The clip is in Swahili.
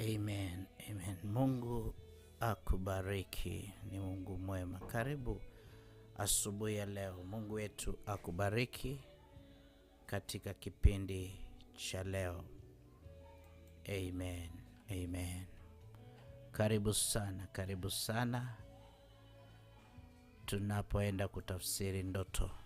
Amen, amen. Mungu akubariki, ni Mungu mwema. Karibu asubuhi ya leo. Mungu wetu akubariki katika kipindi cha leo. Amen, amen. Karibu sana, karibu sana tunapoenda kutafsiri ndoto.